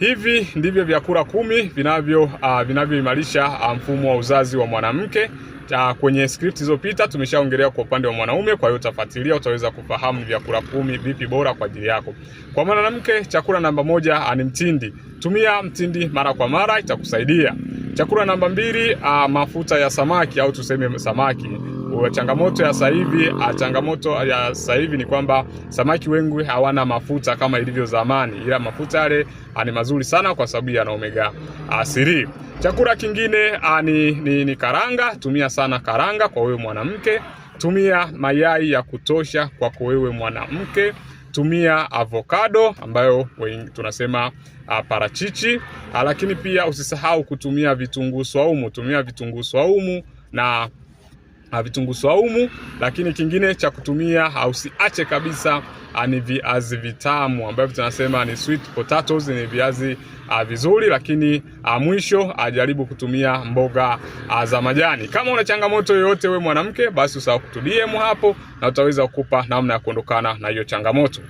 Hivi ndivyo vyakula kumi vinavyo uh, vinavyoimarisha uh, mfumo wa uzazi wa mwanamke. Uh, kwenye script zilizopita tumeshaongelea kwa upande wa mwanaume, kwa hiyo utafuatilia, utaweza kufahamu vyakula kumi vipi bora kwa ajili yako. Kwa mwanamke, chakula namba moja uh, ni mtindi. Tumia mtindi mara kwa mara, itakusaidia. Chakula namba mbili, uh, mafuta ya samaki au tuseme samaki changamoto ya sasa hivi, ah, changamoto ya sasa hivi ni kwamba samaki wengi hawana mafuta kama ilivyo zamani, ila mafuta yale ah, ni mazuri sana kwa sababu yana omega 3. Ah, Chakula kingine ni, ni, ni karanga. Tumia sana karanga kwa wewe mwanamke. Tumia mayai ya kutosha kwa wewe mwanamke. Tumia avocado ambayo tunasema a, parachichi a, lakini pia usisahau kutumia vitunguu swaumu. Tumia vitunguu swaumu na vitunguu swaumu, lakini kingine cha kutumia hausiache kabisa ah, ni viazi vitamu ambavyo tunasema ni sweet potatoes, ni viazi ah, vizuri, lakini ah, mwisho ajaribu kutumia mboga za majani. Kama una changamoto yoyote we mwanamke, basi usahau kutudm hapo na utaweza kukupa namna ya kuondokana na hiyo changamoto.